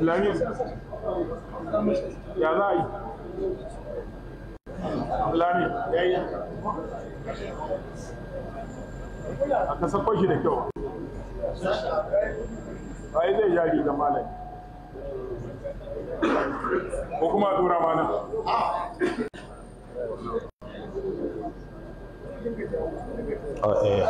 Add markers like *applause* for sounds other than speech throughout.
lamin ya za a yi lamin ya yi a ka sako shi da kyau a yi zai jari da malam ko kuma a tura mana Oh, yeah.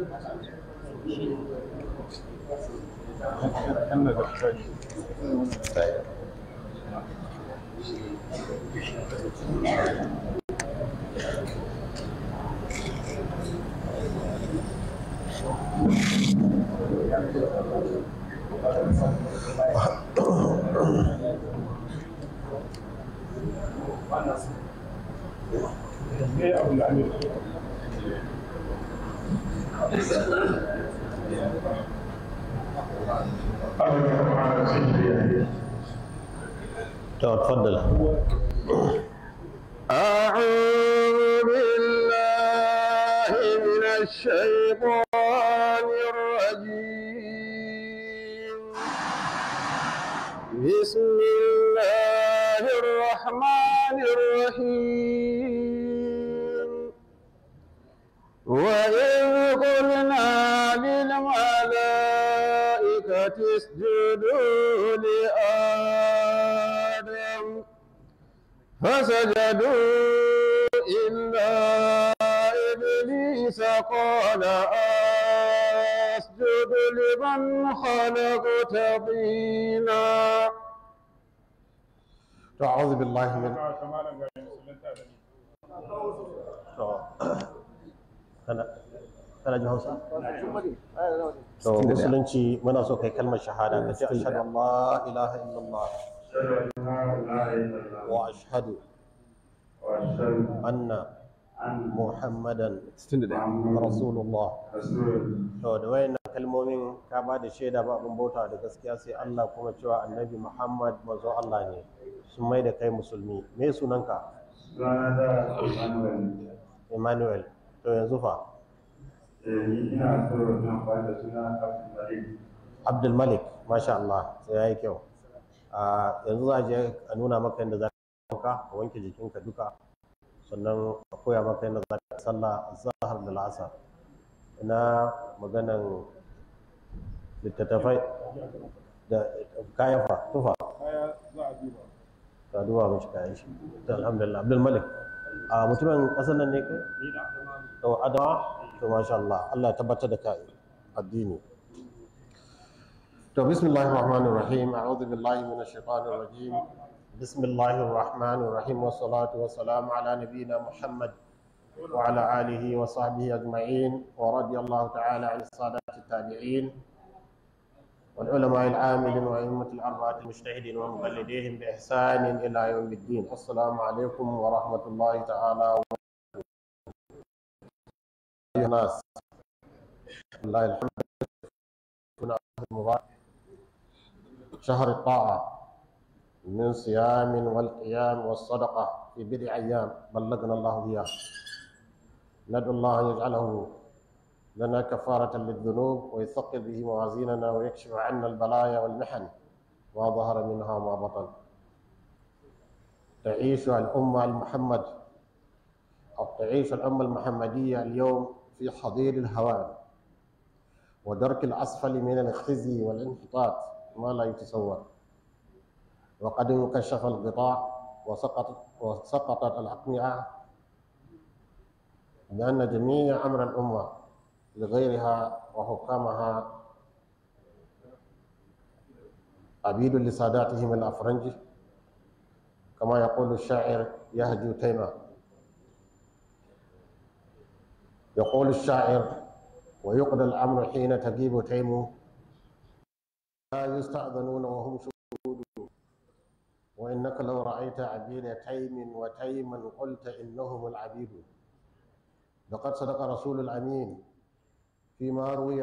Yeah, I'm not. طيب، تفضل أعوذ بالله من الشيطان الرجيم بسم الله فسجدوا إلا إبليس قال أسجد لمن خلقت طينا أعوذ بالله من أنا أنا كلمة شهادة أشهد أن لا إله إلا الله وأشهد anna muhammadan rasulullah to da wayan kalmomin ka ba da shaida ba abin bauta da gaskiya sai Allah kuma cewa annabi muhammad mazo Allah ne sun mai da kai musulmi me sunanka emmanuel to yanzu fa ina so na suna abdul malik masha Allah sai yayi kyau yanzu za a je a nuna maka yanda za ka wanke jikinka duka sannan a koya maka yadda za ka sallah zahar da lasa ina maganan littattafai da kayan fa tufa ka duba mashi kayan shi alhamdulillah abdul malik a mutumin kasar nan ne kai to adama to masha Allah Allah tabbatar da kai addini to bismillahir rahmanir rahim a'udhu billahi minash shaitanir rajim بسم الله الرحمن الرحيم والصلاة والسلام على نبينا محمد وعلى آله وصحبه أجمعين ورضي الله تعالى عن السادة التابعين والعلماء العاملين وأئمة الأربعة المجتهدين ومقلديهم بإحسان إلى يوم الدين السلام عليكم ورحمة الله تعالى وبركاته الناس الله الحمد لله شهر الطاعة من صيام والقيام والصدقة في بضع أيام بلغنا الله إياه ندعو الله أن يجعله لنا كفارة للذنوب ويثقل به موازيننا ويكشف عنا البلايا والمحن ما ظهر منها وما بطن تعيش الأمة المحمد أو تعيش الأمة المحمدية اليوم في حضير الهوان ودرك الأسفل من الخزي والانحطاط ما لا يتصور وقد انكشف الغطاء وسقطت وسقطت الأقنعة لأن جميع أمر الأمة لغيرها وحكامها عبيد لساداتهم الأفرنج كما يقول الشاعر يهجو تيمة يقول الشاعر ويقضى الأمر حين تجيب تيمو لا يستأذنون وهم شهود وإنك لو رأيت عبيد تيم وتيما قلت إنهم العبيد لقد صدق رسول الأمين فيما روي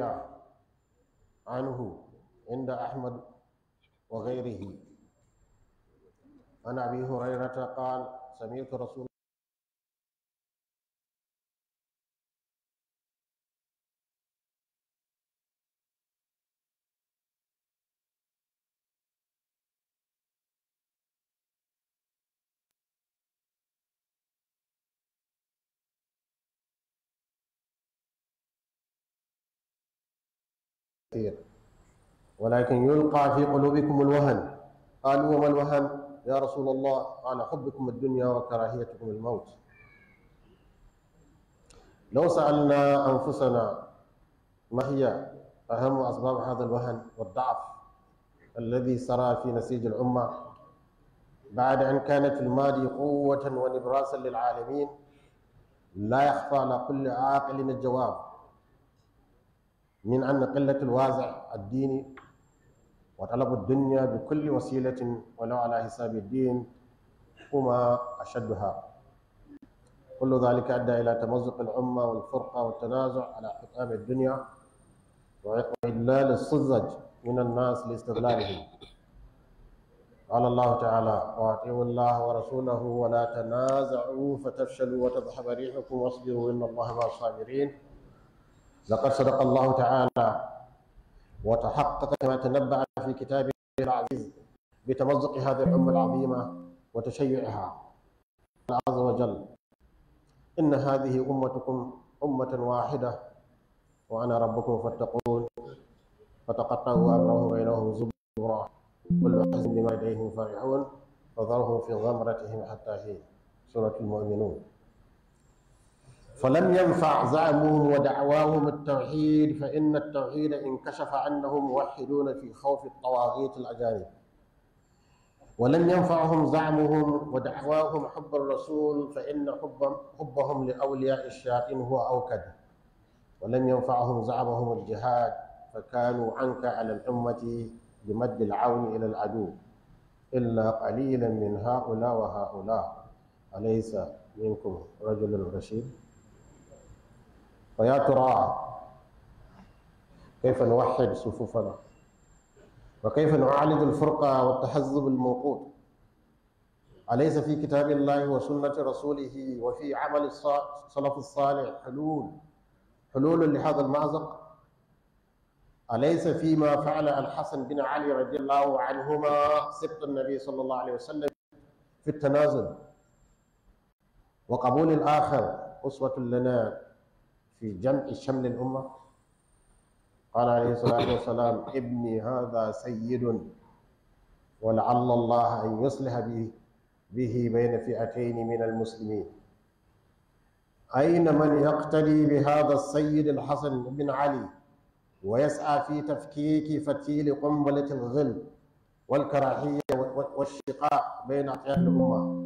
عنه عند أحمد وغيره عن أبي هريرة قال سمعت رسول كثير ولكن يلقى في قلوبكم الوهن قالوا وما الوهن يا رسول الله قال حبكم الدنيا وكراهيتكم الموت لو سألنا أنفسنا ما هي أهم أسباب هذا الوهن والضعف الذي سرى في نسيج الأمة بعد أن كانت في الماضي قوة ونبراسا للعالمين لا يخفى على كل عاقل الجواب من أن قلة الوازع الديني وطلب الدنيا بكل وسيلة ولو على حساب الدين هما أشدها كل ذلك أدى إلى تمزق الأمة والفرقة والتنازع على حطام الدنيا وإدلال الصزج من الناس لاستغلالهم قال الله تعالى واطيعوا الله ورسوله ولا تنازعوا فتفشلوا وتذهب ريحكم واصبروا إن الله مع الصابرين لقد صدق الله تعالى وتحقق ما تنبع في كتابه العزيز بتمزق هذه الأمة العظيمة وتشيعها عز وجل إن هذه أمتكم أمة واحدة وأنا ربكم فاتقون فتقطعوا أمرهم بينهم زبرا كل حزب بما لديهم فرحون وذرهم في غمرتهم حتى حين سورة المؤمنون فلم ينفع زعمهم ودعواهم التوحيد فإن التوحيد انكشف أنهم موحدون في خوف الطواغيت الأجانب ولم ينفعهم زعمهم ودعواهم حب الرسول فإن حب حبهم لأولياء الشياطين هو أوكد ولم ينفعهم زعمهم الجهاد فكانوا عنك على الأمة بمد العون إلى العدو إلا قليلا من هؤلاء وهؤلاء أليس منكم رجل رشيد ترى كيف نوحد صفوفنا وكيف نعالج الفرقة والتحزب الموقوت أليس في كتاب الله وسنة رسوله وفي عمل السلف الصالح حلول حلول لهذا المأزق أليس فيما فعل الحسن بن علي رضي الله عنهما سبط النبي صلى الله عليه وسلم في التنازل وقبول الآخر أسوة لنا في جمع شمل الأمة قال عليه الصلاة والسلام ابني هذا سيد ولعل الله أن يصلح به به بين فئتين من المسلمين أين من يقتدي بهذا السيد الحسن بن علي ويسعى في تفكيك فتيل قنبلة الغل والكراهية والشقاء بين أطياف الأمة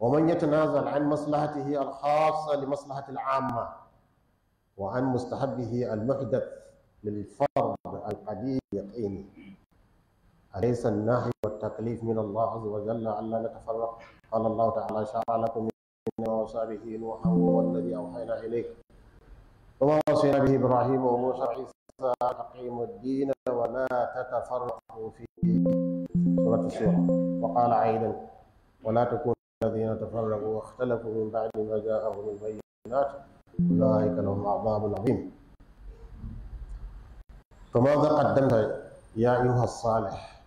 ومن يتنازل عن مصلحته الخاصة لمصلحة العامة وعن مستحبه المحدث للفرض القديم اليقيني أليس النهي والتكليف من الله عز وجل ألا نتفرق قال الله تعالى شرع لكم من وصى به نوحا والذي أوحينا إليك وما وصينا به إبراهيم وموسى عيسى أقيموا الدين ولا تتفرقوا فيه سورة السورة وقال عيدا ولا تكونوا الذين تفرقوا واختلفوا من بعد ما جاءهم البينات أولئك لهم عذاب عظيم فماذا قدمت يا أيها الصالح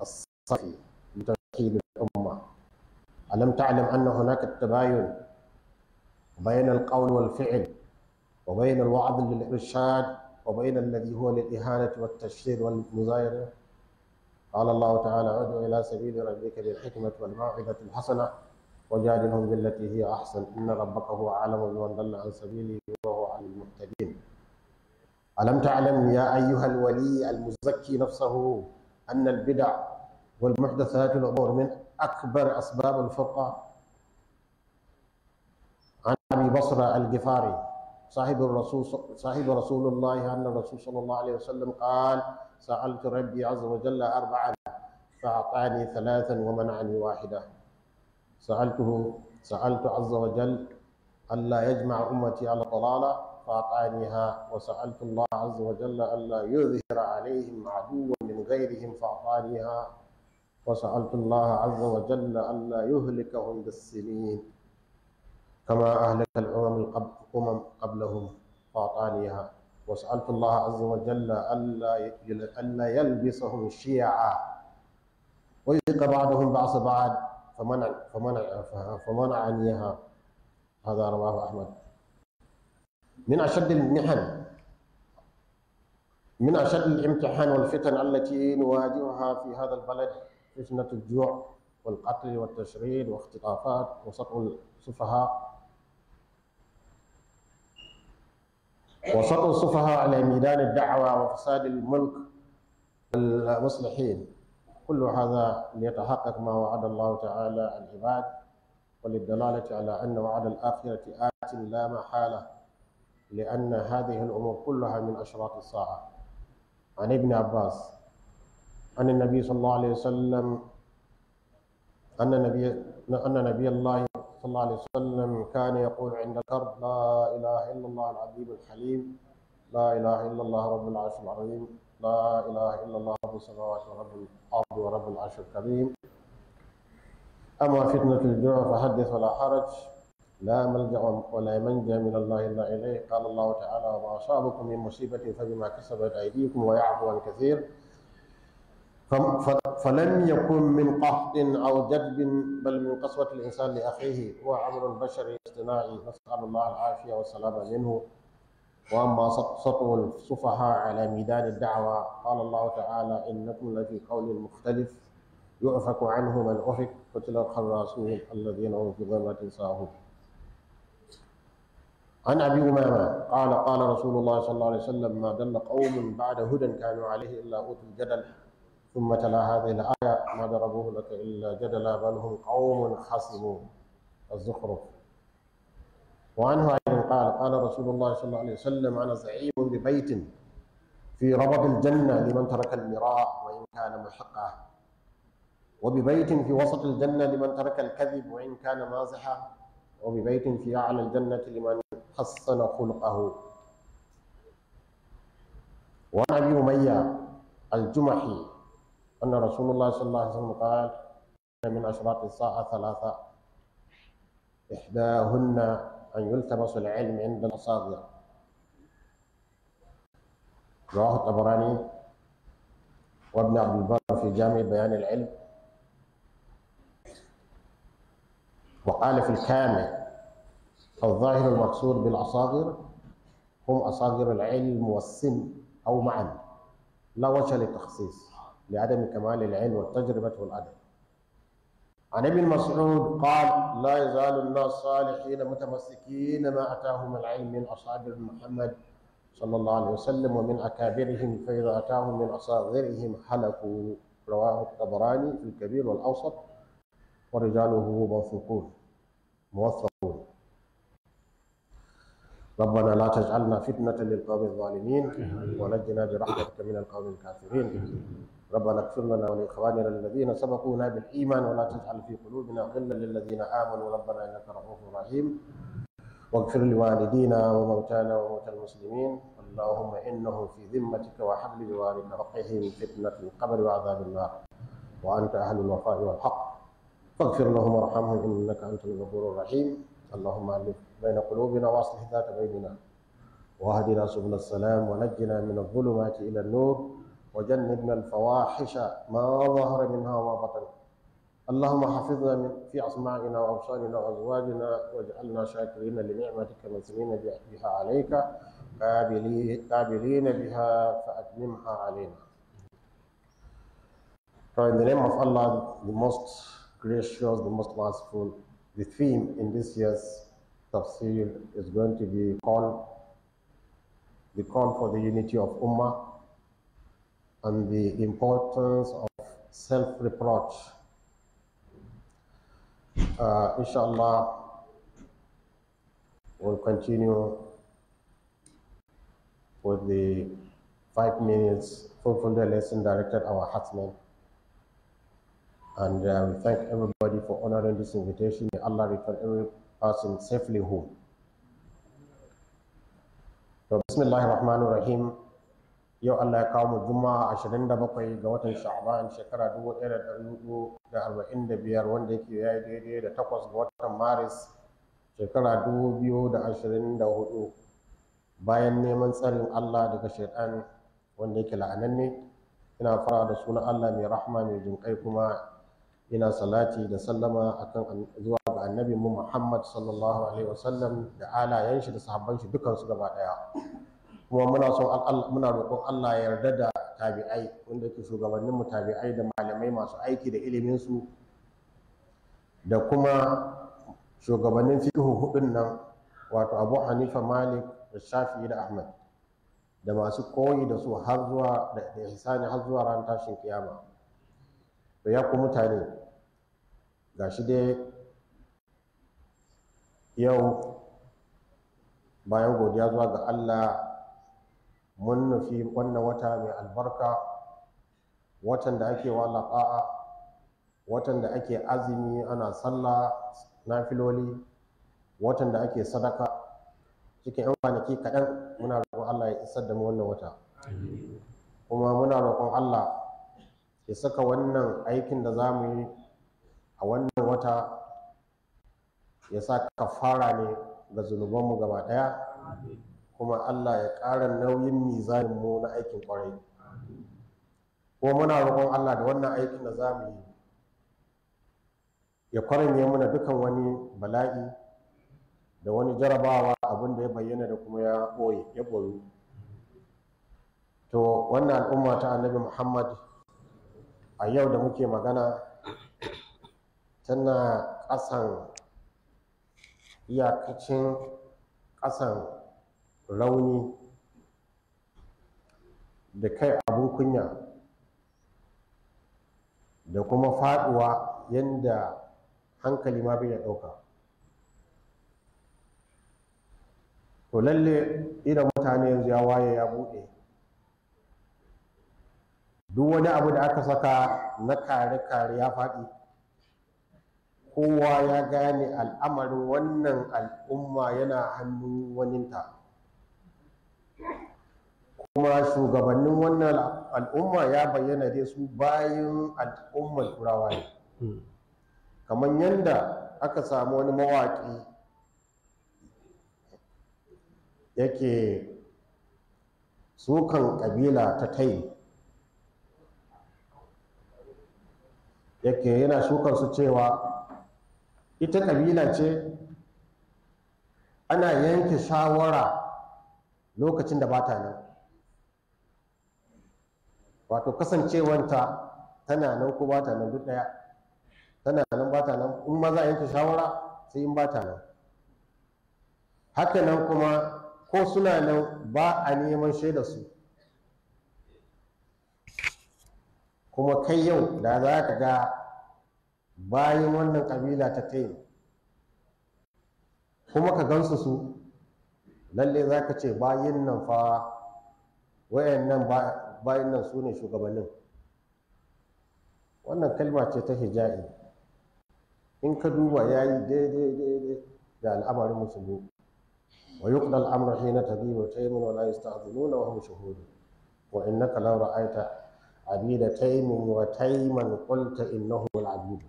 الصفي لتشكيل الأمة ألم تعلم أن هناك التباين بين القول والفعل وبين الوعظ للإرشاد وبين الذي هو للإهانة والتشهير والمزايرة قال الله تعالى ادع إلى سبيل ربك بالحكمة والموعظة الحسنة وجادلهم بالتي هي أحسن إن ربك هو أعلم بمن ضل عن سبيله وهو على المهتدين ألم تعلم يا أيها الولي المزكي نفسه أن البدع والمحدثات الأمور من أكبر أسباب الفرقة عن أبي بصرة الجفاري صاحب الرسول صاحب رسول الله أن الرسول صلى الله عليه وسلم قال سألت ربي عز وجل أربعا فأعطاني ثلاثا ومنعني واحدة سألته سألت عز وجل ألا يجمع أمتي على الضلالة فأعطانيها وسألت الله عز وجل ألا يظهر عليهم عدوا من غيرهم فأعطانيها وسألت الله عز وجل ألا يهلكهم بالسنين كما أهلك الأمم الأمم قبلهم فأعطانيها وسألت الله عز وجل ألا ألا يلبسهم شيعا ويذيق بعضهم بعض بعض فمنع فمنع فمنعنيها هذا رواه أحمد من أشد المحن من أشد الامتحان والفتن التي نواجهها في هذا البلد فتنة الجوع والقتل والتشريد واختطافات وسطو السفهاء وسطو السفهاء على ميدان الدعوة وفساد الملك المصلحين كل هذا ليتحقق ما وعد الله تعالى العباد وللدلالة على أن وعد الآخرة آت لا محالة لأن هذه الأمور كلها من أشراط الساعة عن ابن عباس أن النبي صلى الله عليه وسلم أن النبي أن نبي الله صلى الله عليه وسلم كان يقول عند الكرب لا إله إلا الله العظيم الحليم لا إله إلا الله رب العرش العظيم لا إله إلا الله رب السماوات ورب الأرض ورب العرش الكريم أما فتنة الجوع فحدث ولا حرج لا ملجأ ولا منجا من الله إلا إليه قال الله تعالى وما أصابكم من مصيبة فبما كسبت أيديكم ويعفو عن كثير فلم يكن من قحط أو جذب بل من قسوة الإنسان لأخيه هو عمل بشري اصطناعي نسأل الله العافية والسلامة منه وأما سطو السفهاء على ميدان الدعوة قال الله تعالى إنكم لفي قول مختلف يؤفك عنه من أفك قتل الخراسون الذين هم في غمرة ساهم عن أبي أمامة قال قال رسول الله صلى الله عليه وسلم ما دل قوم بعد هدى كانوا عليه إلا أوتوا الجدل ثم تلا هذه الآية ما ضربوه لك إلا جدلا بل هم قوم خصموا الزخرف وعنه قال قال رسول الله صلى الله عليه وسلم أنا زعيم ببيت في ربض الجنة لمن ترك المراء وإن كان محقا وببيت في وسط الجنة لمن ترك الكذب وإن كان مازحا وببيت في أعلى الجنة لمن حسن خلقه وعن أبي أمية الجمحي أن رسول الله صلى الله عليه وسلم قال من أشراط الساعة ثلاثة إحداهن أن يلتمس العلم عند المصادر رواه الطبراني وابن عبد البر في جامع بيان العلم وقال في الكامل الظاهر المقصود بالأصاغر هم أصاغر العلم والسن أو معا لا وجه للتخصيص لعدم كمال العلم والتجربة والأدب عن ابن مسعود قال لا يزال الناس صالحين متمسكين ما أتاهم العلم من أصابر محمد صلى الله عليه وسلم ومن أكابرهم فإذا أتاهم من أصاغرهم حلقوا رواه الطبراني في الكبير والأوسط ورجاله موثقون موثقون ربنا لا تجعلنا فتنة للقوم الظالمين ونجنا برحمتك من القوم الكافرين ربنا اغفر لنا ولاخواننا الذين سبقونا بالايمان ولا تجعل في قلوبنا غلا للذين امنوا ربنا انك رؤوف رحيم واغفر لوالدينا وموتانا وموتى المسلمين اللهم انهم في ذمتك وحبل جوارك وقهم فتنه القبر وعذاب النار وانت اهل الوفاء والحق فاغفر لهم وارحمهم انك انت الغفور الرحيم اللهم الف بين قلوبنا واصلح ذات بيننا واهدنا سبل السلام ونجنا من الظلمات الى النور وجنبنا الفواحش ما ظهر منها وما بطن اللهم حفظنا من في أسماعنا وأبصارنا وأزواجنا واجعلنا شاكرين لنعمتك مثلين بها عليك قابلين بها فأتممها علينا. So in the name of Allah, the most gracious, the most merciful, the theme in this year's tafsir is going to be called the call for the unity of Ummah and the importance of self-reproach. Uh, inshallah, we'll continue with the five minutes full lesson directed our heartmen. And uh, we thank everybody for honoring this invitation. May Allah return every person safely home. So, Bismillahir yau Allah ya kawo mu juma'a 27 ga watan sha'ban shekara 1445 wanda yake yi daidai da takwas ga watan maris shekara 2024 bayan neman tsarin Allah daga shaiɗan wanda yake la'ananne ina fara da sunan Allah mai rahama mai jinƙai kuma ina salati da sallama akan zuwa ga annabi mu Muhammad sallallahu alaihi wasallam da alayen shi da sahabban shi dukansu gaba daya kuma muna son muna roƙon Allah ya yarda da tabi'ai wanda ke shugabannin mu tabi'ai da malamai masu aiki da ilimin su da kuma shugabannin fiqhu hudun nan wato Abu Hanifa Malik da Shafi'i da Ahmad da masu koyi da su har zuwa da ihsani har zuwa ran tashin kiyama to ya ku mutane gashi dai yau bayan godiya zuwa ga Allah mun nufi wannan wata mai albarka watan da ake wa laƙa'a watan da ake azumi ana sallah na filoli watan da ake sadaka cikin 'yan kwanaki kaɗan muna roƙon Allah ya isar da mu wannan wata kuma muna roƙon Allah ya saka wannan aikin da za mu yi a wannan wata ya sa kafara ne ga zunubanmu gaba ɗaya kuma Allah ya ƙara nauyin mizanin mu na aikin ƙwarai ko muna roƙon Allah da wannan aikin da za mu yi ya kwaranye muna dukan wani bala'i da wani jarabawa abin da ya bayyana da kuma ya ɓoye ya ɓoyu to wannan al'umma ta annabi muhammad a yau da muke magana tana ƙasan iyakacin ƙasan rauni da kai abun kunya da kuma faduwa yadda hankali ma bai da ɗauka to lalle irin mutane yanzu ya waye ya buɗe duk wani abu da aka saka na kare-kare ya faɗi kowa ya gane al'amarin wannan al'umma yana hannun waninta kuma shugabannin wannan al'umma ya bayyana dai su bayan al'ummar turawa ne hmm. kamar yadda aka samu wani mawaƙi yake sukan ƙabila ta tai yake yana shukan su cewa ita ƙabila ce ana yanke shawara lokacin da ba ta nan wato kasancewanta tana nan ko ba ta nan duk ɗaya tana nan ba ta nan in ma za a yanke shawara sai in ba ta nan haka nan kuma ko suna nan ba a neman shaida su kuma kai yau da za ka ga bayan wannan kabila ta tayin kuma ka gansu su lalle za ka ce bayan nan fa wayan nan bayan nan su ne shugabannin wannan kalma ce ta hija'i in ka duba ya yi daidai da al'amarin musulmi wa yuqda al'amru hina tabibu taymun wa la nuna wa hum shuhudun wa innaka law ra'aita abida taymin wa tayman qulta innahu al-abid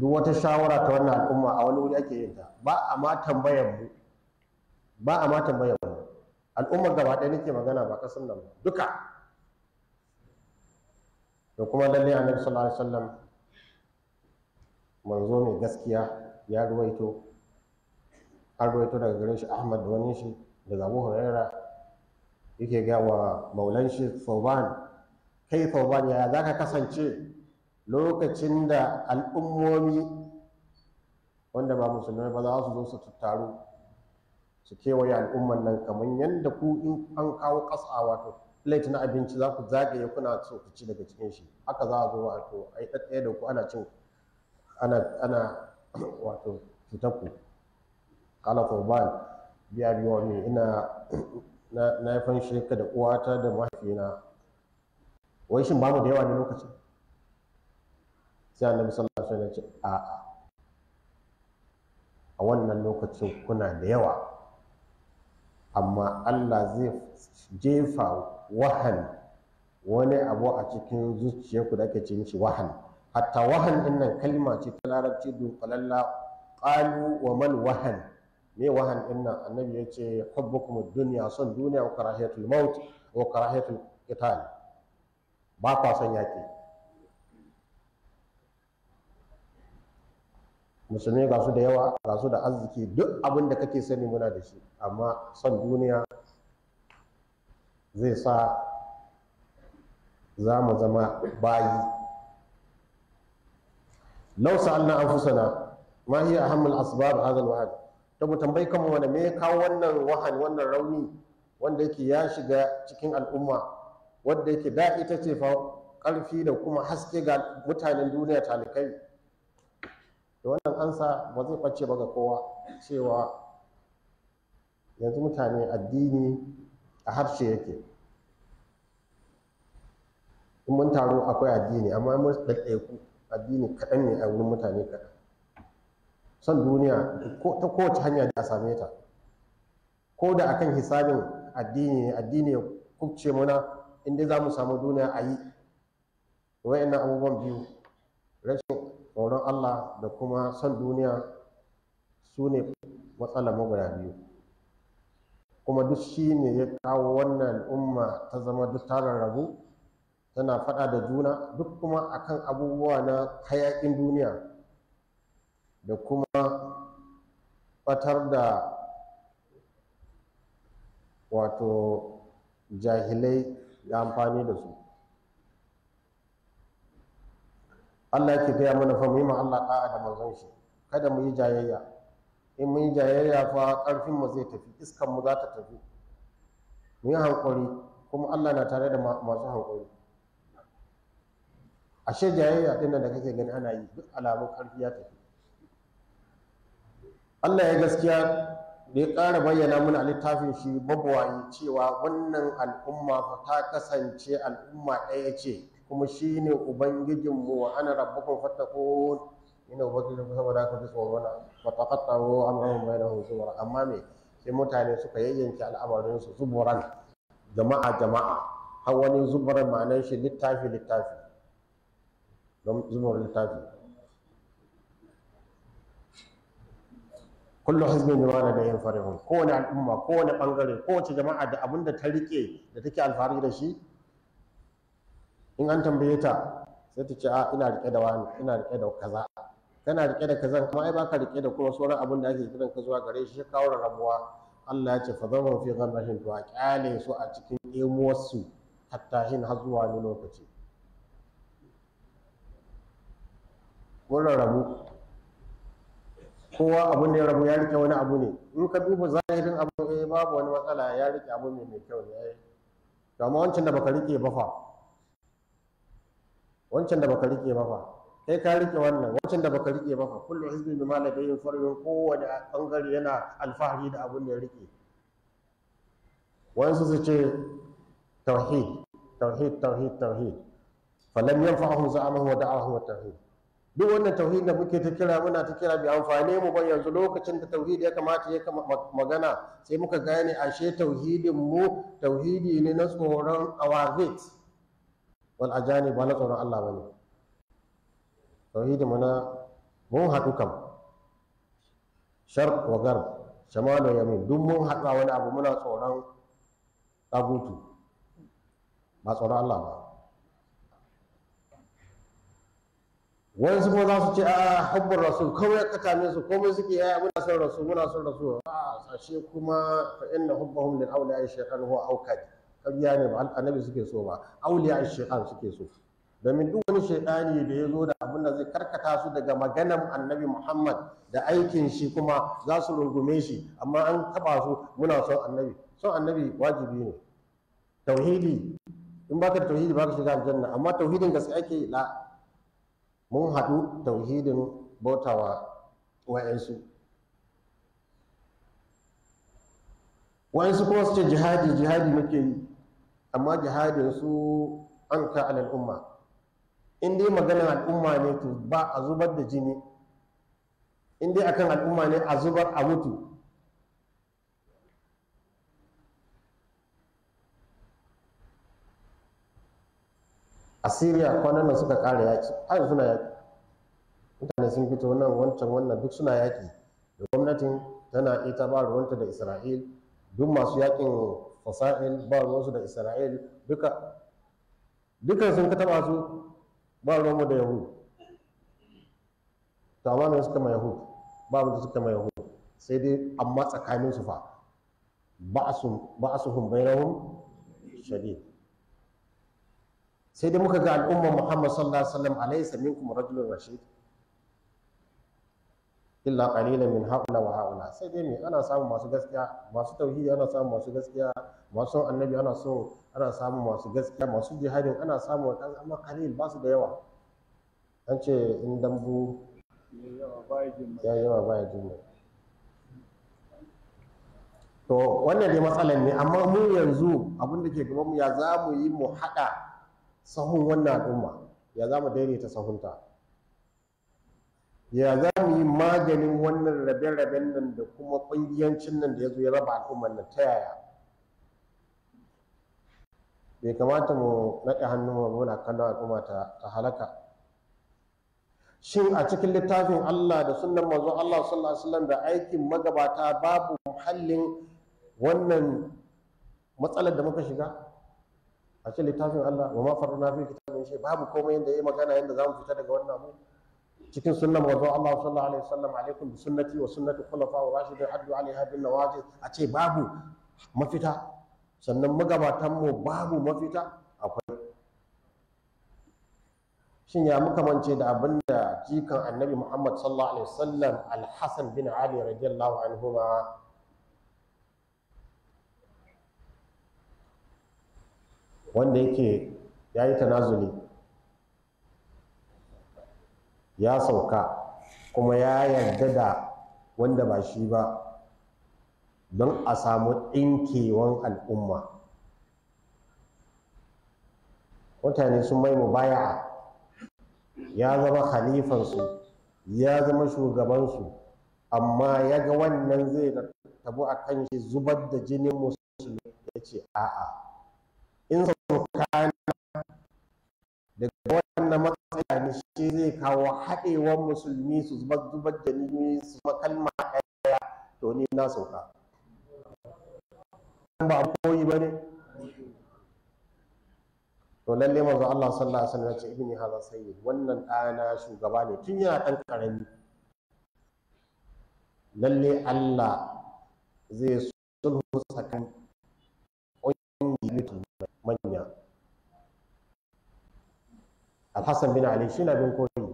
duk wata shawara ta wannan al'umma a wani wuri ake yin ta ba a ma tambayar mu ba a ma tambayar al'ummar gaba ɗaya nake magana ba kasan nan ba duka da kuma lalle annabi sallallahu alaihi wasallam manzo mai gaskiya ya ruwaito an ruwaito daga garin shi ahmad da wani shi daga abu huraira yake ga wa maulan shi sauban kai sauban yaya za ka kasance lokacin da al'ummomi wanda ba musulmai ba za su zo su tattaru su kewaye al'ummar nan kamar yadda ku in an kawo ƙasa wato plate na abinci za ku zagaye kuna so ku ci daga cikin shi haka za a zo wato a yi ɗaɗɗaya da ku ana cin ana *clears throat* wato cutar ku kala kurban biya biyo ne ina *clears throat* na ya fanshe ka da uwata da mahaifina wai shin mu da yawa ne lokacin sai annabi sallallahu alaihi wasallam ya ce a'a a wannan lokacin kuna da yawa amma Allah zai jefa wahan wani abu a cikin zuciyarku da ake ce mishi wahan hatta wahan din nan kalma ce ta larabci dunkulalla qalu wa man wahan me wahan din nan annabi ya ce hubbukum ad-dunya son duniya wa karahiyatul maut wa karahiyatul qital ba kwa son yaki musulmi ga su da yawa ga su da arziki duk abin da kake sani muna da shi amma son duniya zai sa za mu zama bayi lausa an anfusana ma hiya ahammul asbab hadha alwahd to mu tambayi kanmu wanda me kawo wannan wahan wannan rauni wanda yake ya shiga cikin al'umma wanda yake da ita ce fa karfi da kuma haske ga mutanen duniya talikai to wannan ansa ba zai ɓace ba ga kowa cewa yanzu mutane addini a harshe yake in mun taro akwai addini amma mun ɗaiɗaiku addini kaɗan ne a wurin mutane kaɗan son duniya ta kowace hanya da a same ta ko da akan hisabin addini ne addini ya kubce muna inda za mu samu duniya a yi wa'annan abubuwan biyu rashin tsoron Allah da kuma son duniya su ne matsala maguda biyu kuma duk shi ne ya kawo wannan al'umma ta zama duk tarar rabu tana faɗa da juna duk kuma akan abubuwa na hayaƙin duniya da kuma batar da wato jahilai da amfani da su Allah ke gaya mana fa mu yi Allah da manzon shi kada mu yi jayayya in mun yi jayayya fa karfin mu zai tafi iskan mu za ta tafi mu yi hankuri kuma Allah na tare da masu hankuri ashe jayayya din da kake gani ana yi duk alamun karfi ya tafi Allah ya gaskiya da ya ƙara bayyana mana littafin shi mabawayi cewa wannan al'umma fa ta kasance al'umma ɗaya ce kuma shi ne ubangijinmu wa ana rabbukum fattaqun ina ubangijin ku saboda haka ji tsoron wa taqattaru amrahum bainahum zubura amma me sai mutane suka yayyanke al'amarin su zuburan jama'a jama'a har wani zuburan ma'anar shi littafi littafi don zuburan littafi kullu hizbin da ladayhim farihun kowane al'umma kowane bangare kowace jama'a da abin da ta rike da take alfahari da shi in an tambaye ta sai ta ce a ina rike da wani ina rike da kaza kana rike da kaza kuma ai baka rike da kuma sauran abin da ake kiran ka zuwa gare shi shi kawo rabuwa. Allah ya ce fa zama fi ghamrahin to a kyale su a cikin emuwarsu su hatta hin har zuwa wani lokaci wannan rabu kowa abun da ya rabu ya rike wani abu ne in ka duba zahirin abu eh babu wani matsala ya rike abu ne mai kyau ne to amma wancan da baka rike ba fa wancan da baka rike ba fa kai ka rike wannan wancan da baka rike ba fa kullu hizbin bima ladayhim farihun kowane bangare yana alfahari da abin da ya rike wansu su ce tauhid tauhid tauhid tauhid falam yanfa'uhu za'amuhum wa da'ahu wa tauhid duk wannan tauhid da muke ta kira muna ta kira bai amfane mu ba yanzu lokacin da tauhid ya kamata ya magana sai muka gane ashe tauhidin mu tauhidi ne na tsoron awazit wal ajani ba na tsoron Allah bane tauhidi mu na mun haɗu kam sharq wa garb shamal wa yamin duk mun haɗu wani abu muna tsoron tagutu ba tsoron Allah ba wani su za su ce a hubbun rasul kawai ka kame su komai suke yaya muna son rasul muna son rasul a sashe kuma fa inna hubbahum lil awliya shaytan huwa awkad ƙarya ne ba annabi suke so ba auliya shaytan suke so domin duk wani ne da ya zo da abin da zai karkata su daga maganan annabi muhammad da aikin shi kuma za su rungume shi amma an taba su muna son annabi son annabi wajibi ne tauhidi in baka da tauhidi baka shiga aljanna amma tauhidin gaske ake la mun haɗu tauhidin bautawa wa'ansu wa'ansu kuma su ce jihadi jihadi muke yi amma jihadin su an ka al'umma inda yi maganin al'umma ne to ba a zubar da jini in akan al'umma ne a zubar a mutu a syria kwanan nan suka kara yaki har suna yaki mutane sun fito nan wancan wannan duk suna yaki da gwamnatin tana ita ba ruwanta da isra'il duk masu yakin fasa'il ba ruwansu da isra'il duka duka sun ka taba su ba ruwanmu da yahu. to amma mai suka ma yahud ba mu da suka ma yahu. sai dai amma tsakanin su fa ba'asuhum bainahum shadid sai dai muka ga al'ummar Muhammad sallallahu alaihi wasallam alaysa minkum rajulun rashid illa qalilan min haula wa haula sai dai me ana samu masu gaskiya masu tauhidi ana samu masu gaskiya masu annabi ana so ana samun masu gaskiya masu jihadin ana samun ɗan amma kalil ba su da yawa an ce in dambu ya yawa baya jin to wannan dai matsalar ne amma mu yanzu abin da ke gabanmu ya za mu yi mu haɗa sahun wannan al'umma ya za mu daidaita sahunta ya za mu yi maganin wannan rabe-raben nan da kuma ƙungiyancin nan da ya zo ya raba al'ummar nan ta yaya bai kamata mu naɗe hannun mu muna kallon al'umma ta halaka shin a cikin littafin Allah da sunnan manzon Allah sallallahu alaihi wasallam da aikin magabata babu muhallin wannan matsalar da muka shiga a cikin littafin Allah wa ma farna fi kitabin shi babu komai yanda yayi magana yanda zamu fita daga wannan abu cikin sunnan manzon Allah sallallahu alaihi wasallam alaikum bi sunnati wa sunnati khulafa wa rashidin haddu alaiha bin nawajid a ce babu mafita sannan magabatanmu babu mafita akwai shin ya muka mance da abin da jikan annabi muhammad sallallahu alaihi wasallam alhassan bin ali radiyallahu anhu ma wanda yake ya yi tanazuli ya sauka kuma ya yarda da wanda ba shi ba don a samu ɗinkewan al'umma mutane sun mai mubaya'a ya zama halifansu, ya zama shugabansu amma ya ga wannan zai tabu a kan shi zubar da jinin musulmi ya ce a'a in saukana daga wannan matsaya ne shi zai kawo haɗewar musulmi su zubar da jini su kalma ɗaya to ni na sauka ba koyi ba ne to lalle manzo Allah sallallahu alaihi wasallam ya ce ibni hadha sayyid wannan ɗana shugaba ne tun yana ɗan ƙarami lalle Allah zai sulhu tsakan ƙungiyoyi manya Al-Hassan bin Ali shi na bin koyi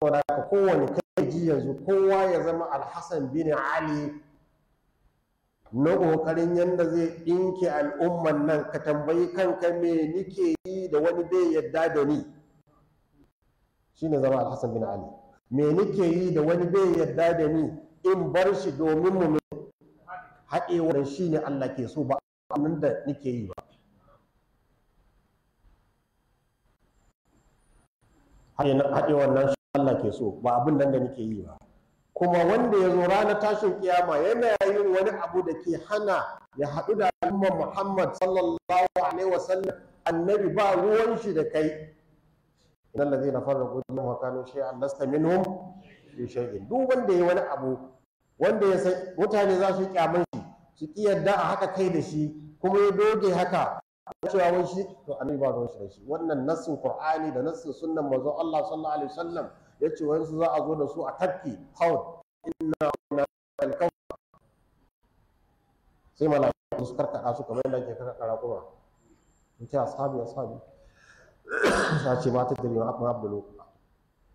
saboda kowane kai ji yanzu kowa ya zama Al-Hassan bin Ali na ƙoƙarin yadda zai ɗinke al'umman nan ka tambayi kanka me nike yi da wani bai yadda da ni shi ne zama alhassan bin ali me nike yi da wani bai yadda da ni in bar shi domin mu mai haɗewa da shi ne allah ke so ba abin da nike yi ba haɗewar nan shi allah ke so ba abin nan da nike yi ba kuma wanda ya zo ranar tashin kiyama yana yin wani abu da ke hana ya haɗu da al'ummar muhammad sallallahu alaihi wasallam annabi ba ruwan shi da kai inna allazina farraqu dinahum wa kanu shay'an lasta minhum fi shay'in duk wanda ya wani abu wanda ya san mutane za su kyamar shi su ki yadda a haka kai da shi kuma ya doge haka cewa wani shi to annabi ba ruwan shi da shi wannan nassin qur'ani da nassin sunnan manzon Allah sallallahu alaihi wasallam ya ce wani za a zo da su a tafki haun ina wani alkawar sai mala'iku su karkada su kamar yadda ake karkada kuma in ce ashabi ashabi sa ce mata da riwa abin abdul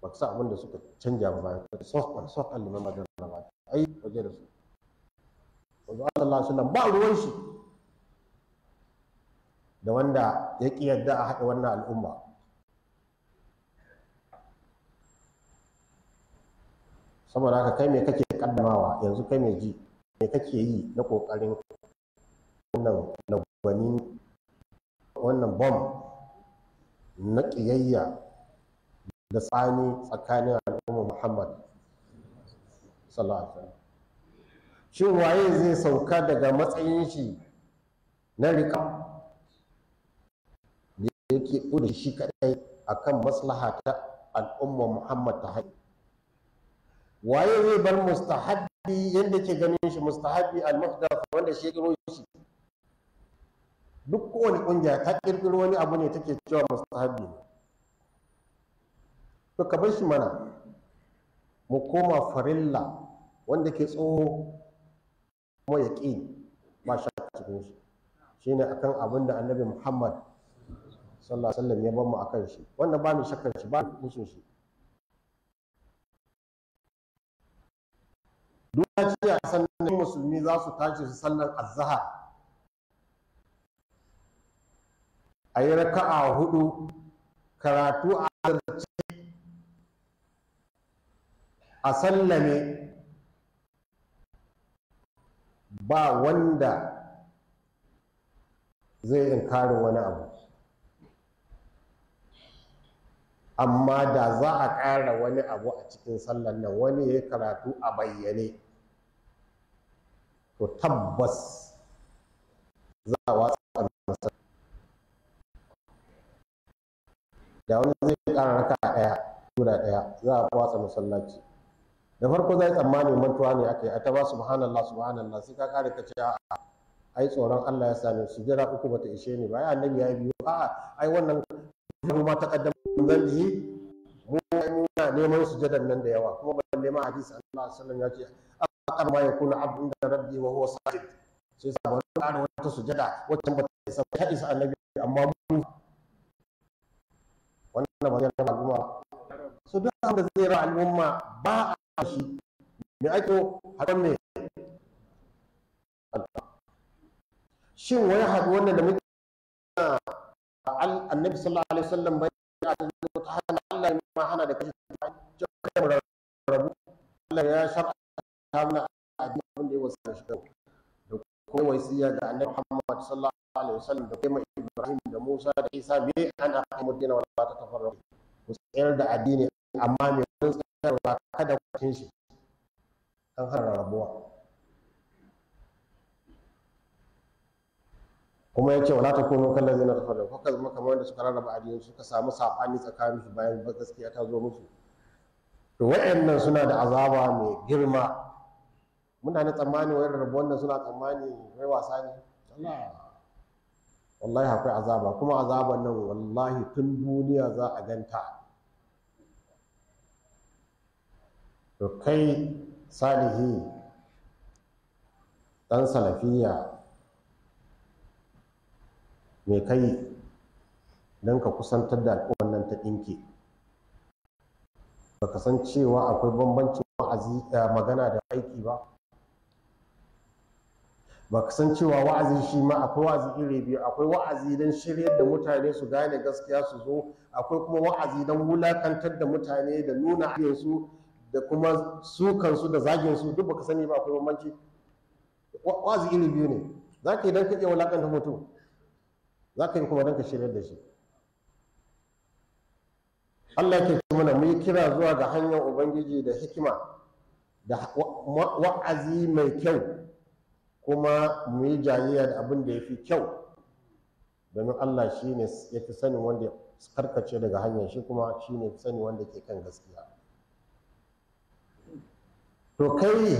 ba sa abin da suka canja ba bayan sokan sofar liman madar da ba ai waje da su wanzu Allah nan ba ruwan shi da wanda ya ƙi yadda a haɗa wannan al'umma saboda haka kai me kake kaddamawa yanzu kai me ji me kake yi na kokarin wannan lagwani wannan bom na kiyayya da tsani tsakanin al'ummar muhammad sallallahu alaihi waye zai sauka daga matsayin shi na rika da yake kudu shi kaɗai akan maslaha ta al'ummar muhammad ta hanyar waye zai bar mustahabbi yadda ke ganin shi mustahabbi al-muhdath wanda shi kiro shi duk kowane kungiya ta kirkiro wani abu ne take cewa mustahabbi ne to ka bar shi mana mu koma farilla wanda ke tsoho kuma ya ƙi ba sha cikin shi shine akan abin da annabi muhammad sallallahu alaihi wasallam ya bamu akan shi Wanda ba mu shakkar shi ba mu shi duk a sannan musulmi za su tashi su sallar azahar a yi raka'a hudu karatu a zarce a sallame ba wanda zai inkarin wani abu amma da za a ƙara wani abu a cikin sallar nan wani ya karatu a bayyane to tabbas za a watsa masa da wani zai ƙara raka ɗaya guda ɗaya za a watsa masallaci da farko zai tsammanin mantuwa ne aka yi a ta ba subhanallah subhanallah sai ka kare ka ce a'a ai tsoron Allah ya same su jira uku bata ishe ni ba ai annabi ya biyo a'a ai wannan mu ma ta kaddama zambi mu muna neman sujadan nan da yawa kuma ban nema hadisi Allah sallallahu alaihi wasallam ya ce akar ma yakuna abdu inda rabbi wa huwa sajid sai sa ba ana wata sujada wacce ba ta isa ta isa annabi amma mu wannan ba yana al'umma so duk abin da zai ra al'umma ba a shi me ake hakan me shin wani haɗu wannan da muke annabi sallallahu alaihi wasallam bai Allah ya hana da kashi rabu Allah ya shar'a mana addini abin da ya wasa shi da kuma wasiya ga annabi Muhammad sallallahu alaihi wasallam da kuma Ibrahim da Musa da Isa me an aqimu dina wala ta tafarraqu ku tsayar da addini amma me kun ba kada ku cin shi an hana rabuwa kuma ya ce wala ta komo kallon zina ta faɗa kuka zama kamar wanda suka rarraba addini suka samu sabani tsakanin su bayan gaskiya ta zo musu to wa'annan suna da azaba mai girma muna na tsammani wayar rabu wannan suna tsammani wai wasa ne wallahi akwai azaba kuma azaban nan wallahi tun duniya za a ganta to kai salihi dan salafiya mai kai don ka kusantar da al'ummar nan ta ɗinke baka san cewa akwai bambancin eh, magana da aiki ba ba ka san cewa wa'azi shi ma akwai wa'azi iri biyu akwai wa'azi don shiryar da mutane su gane gaskiya su zo akwai kuma wa'azi don wulakantar da mutane da nuna su da kuma sukansu da zaginsu duk baka sani ba akwai bambanci wa'azi iri biyu ne za ka yi don ka iya wulakanta mutum za ka yi kuma don ka shiryar da shi Allah ke ce mana mu yi kira zuwa ga hanyar Ubangiji da hikima da wa'azi mai kyau kuma mu yi jayayya da abin da ya fi kyau domin Allah shi ne ya fi sani wanda karkace daga hanyar shi kuma shi ne fi sani wanda ke kan gaskiya to kai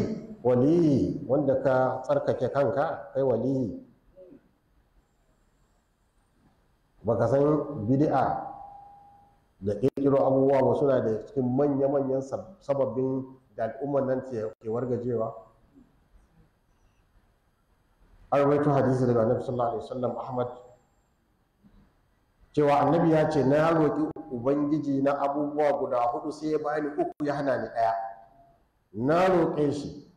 waliyi wanda ka tsarkake kanka kai waliyi baka san bid'a da ƙirƙiro abubuwa ba suna da cikin manya-manyan sababbin da al'ummar nan ke wargajewa arwaito hadisi daga annabi sallallahu alaihi wasallam ahmad cewa annabi ya ce na roƙi ubangiji na abubuwa guda hudu sai ya bani uku ya hana ni ɗaya na roƙe shi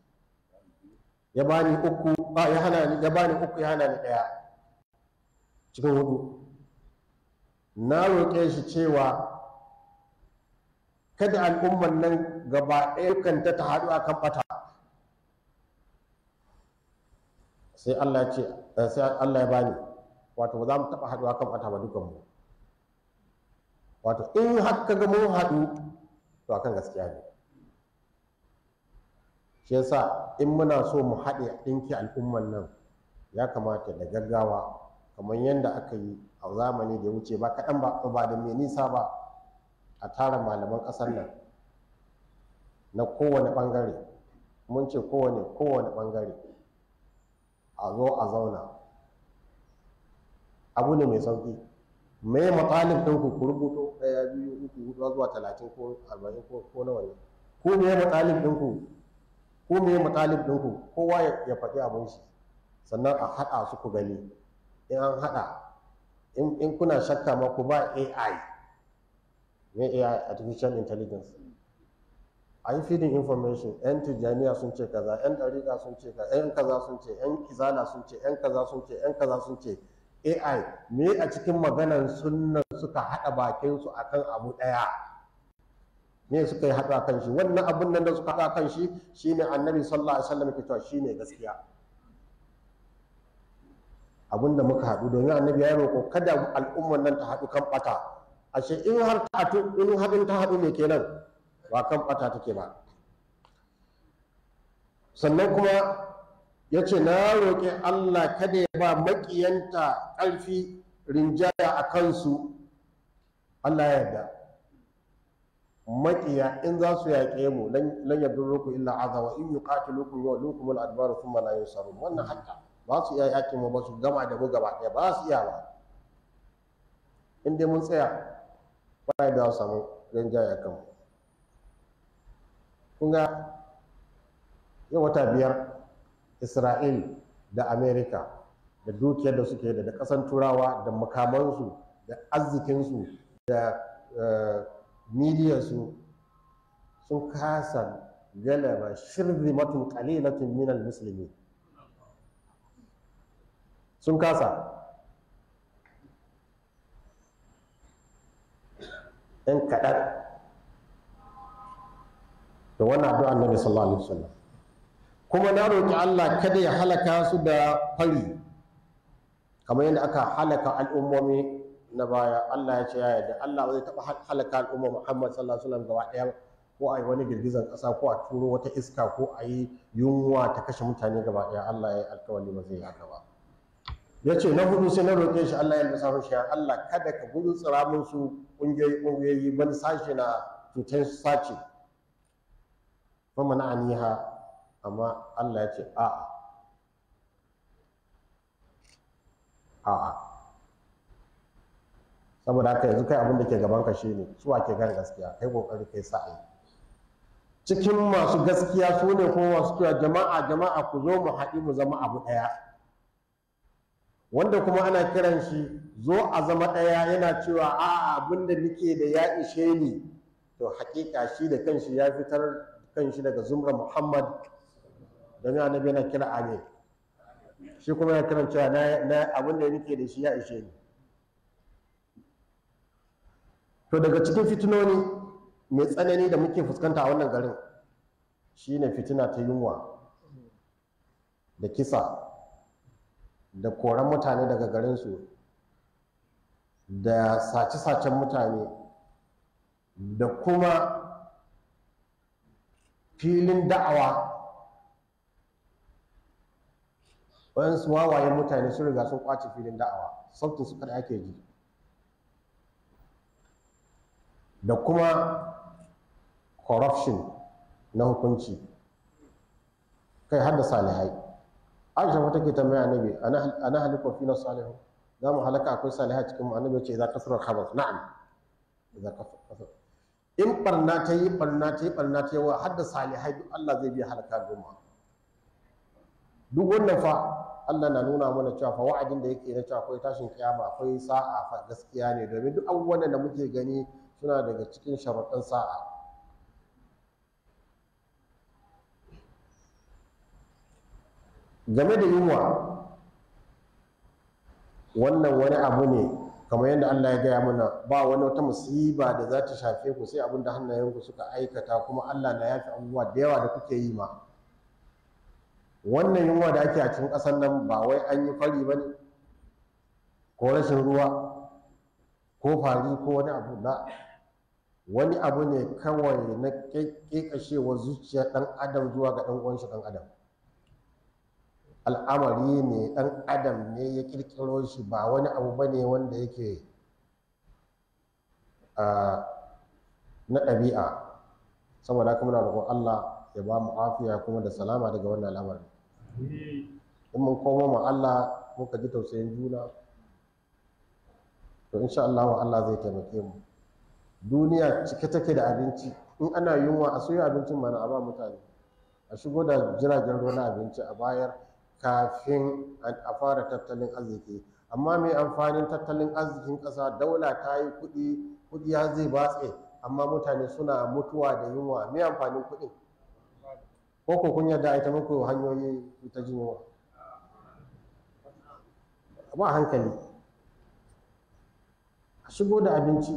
ya bani uku ba ya hana ni ya bani uku ya hana ni ɗaya cikin hudu na roƙe shi cewa kada al'umman nan gaba ɗaya kan ta haɗu akan bata. sai Allah ya ce eh, sai Allah ya bani wato ba za mu taɓa haɗuwa kan ɓata ba dukan mu wato in har ka ga mun haɗu to akan gaskiya ne shi yasa in muna so mu haɗe ɗinki al'umman nan ya kamata da gaggawa kamar yadda aka yi a zamani da ya wuce ba kaɗan ba ba da mai nisa ba a tara malaman ƙasar nan na kowane ɓangare mun ce kowane kowane ɓangare a zo a zauna abu ne mai sauƙi me matsalin ɗin ku rubuto ɗaya biyu uku hudu zuwa talatin ko arba'in ko nawa ne ko me matsalin ɗin ku ko me matsalin ɗin ku kowa ya faɗi abin shi sannan a haɗa su ku gani in an haɗa in kuna shakka ma ku ba AI ne AI artificial intelligence an feeding information yan tijjaniya sun ce kaza yan ɗariƙa sun ce kaza yan kaza sun ce yan kizana sun ce yan kaza sun ce yan kaza sun ce ai me a cikin maganan sunnan suka haɗa bakin su akan abu ɗaya me suka yi haɗa kan shi wannan abun nan da suka haɗa kan shi shine annabi sallallahu alaihi wasallam ke cewa shine gaskiya abun da muka haɗu domin annabi ya roƙo kada al'ummar nan ta haɗu kan ɓata ashe in har ta in ta haɗu ne kenan ba kan bata take ba sannan kuma ya ce na roƙi allah kada ya ba maƙiyanta ƙarfi rinjaya a kansu allah ya yarda maƙiya in za su yaƙe mu lan yadurrukum illa adha wa in yuqatilukum yuwallukum al sun mana la yunsarun wannan haka ba su iya yaƙe mu ba su gama da mu gaba ɗaya ba su iya ba in dai mun tsaya ba da samu rinjaya kan mu kun ga yau wata biyar isra'il da amerika da dukiyar da suke da kasan turawa da makamansu da arzikinsu da eh, miliyansu sun kasa galaba shirzimatun qalilatun minal musulmi sun kasa yan kaɗan da wannan addu'a annabi sallallahu alaihi wasallam kuma na roki Allah kada ya halaka su da fari kamar yadda aka halaka al'ummomi na baya Allah ya ce ya yarda Allah zai taɓa halaka al'umma Muhammad sallallahu alaihi wasallam gaba daya ko a yi wani girgizar kasa ko a turo wata iska ko a yi yunwa ta kashe mutane gaba ɗaya Allah ya yi alkawari ba zai haka ba ya ce na hudu sai na roƙe shi Allah ya lissa mun shi Allah kada ka gudu tsira mun su ƙungiyoyi ƙungiyoyi ban sashi na cutar sace yi ha, amma Allah ya ce a'a a'a saboda haka yanzu kai abinda ke gaban ka ne, su ke gane gaskiya kai kokari kai sa'a. cikin masu gaskiya su ne kuma masu cewa jama'a jama'a ku zo mu haɗi mu zama abu ɗaya wanda kuma ana kiran shi zo a zama ɗaya yana cewa a'a abinda da da ya ishe ni to hakika shi da kanshi ya fitar kanshi daga zumra muhammad da domin annabi yana kira amin shi kuma yana kiran cewa na abin da yake da shi ya ishe ni to daga cikin fitinoni mai tsanani da muke fuskanta a wannan garin shine fitina ta yunwa da kisa da koran mutane daga garinsu da sace-sacen mutane da kuma filin da'awa wayansu wawayen mutane sun riga sun kwace filin da'awa sautin su kada ake ji da kuma corruption na hukunci kai har da salihai aisha wata ke tambaya annabi ana na fi na salihu za mu halaka akwai salihai cikin mu annabi ce za ka surar khabas na'am za ka in barna ta yi barna ta yi barna ta yi wa hadda salihai duk Allah zai biya halaka goma duk wannan fa Allah na nuna mana cewa fa wa'adin da yake na cewa akwai tashin kiyama akwai sa'a fa gaskiya ne domin duk abubuwan da muke gani suna daga cikin sharaɗin sa'a game da yunwa wannan wani abu ne kamar yadda Allah ya gaya mana ba wani wata musiba da za ta shafe ku sai abin da hannayenku suka aikata kuma Allah na yafi abubuwa da yawa da kuke yi ma wannan yunwa da ake a cikin ƙasar nan ba wai an yi fari ba ne ko rashin ruwa ko fari ko wani abu na wani abu ne kawai na ƙeƙashewar zuciyar ɗan adam zuwa ga ɗan uwansa dan adam al'amari ne ɗan adam ne ya ƙirƙiro shi ba wani abu ba ne wanda yake na ɗabi'a saboda kuma muna roƙon Allah ya ba mu afiya kuma da salama daga wannan al'amari in mun koma ma Allah muka ji tausayin juna to insha Allah Allah zai taimake mu duniya cike take da abinci in ana yunwa a soya abincin mana a ba mutane a shigo da jiragen ruwa na abinci a bayar kafin a fara tattalin arziki amma mai amfanin tattalin arzikin ƙasa daula ta yi kuɗi kuɗi ya zai batse amma mutane suna mutuwa da yunwa mai amfanin kuɗin ko ko kun yadda ita muku hanyoyi ta jin yunwa ba hankali a shigo da abinci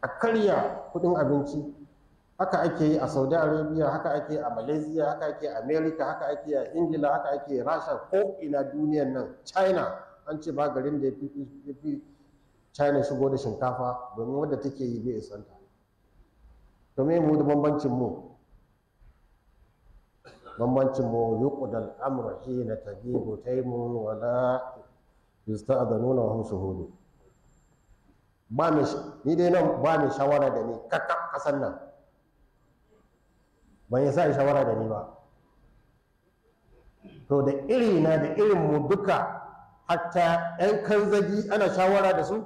a karya kuɗin abinci haka ake yi a saudi arabia haka ake a malaysia haka ake a america haka ake a ingila haka ake rasha ko ina duniyan nan china an ce ba garin da ya fi china shigo da shinkafa domin wadda take yi bai ta domin mu da bambancin mu bambancin mu yuqdal amru hina tajibu taymun wala yusta'dhanuna hum shuhudu ba ni dai ba mai shawara da ni kakka kasan nan ban yasa sa shawara da ni ba to da iri na da irin mu duka hatta yan kanzagi ana shawara da su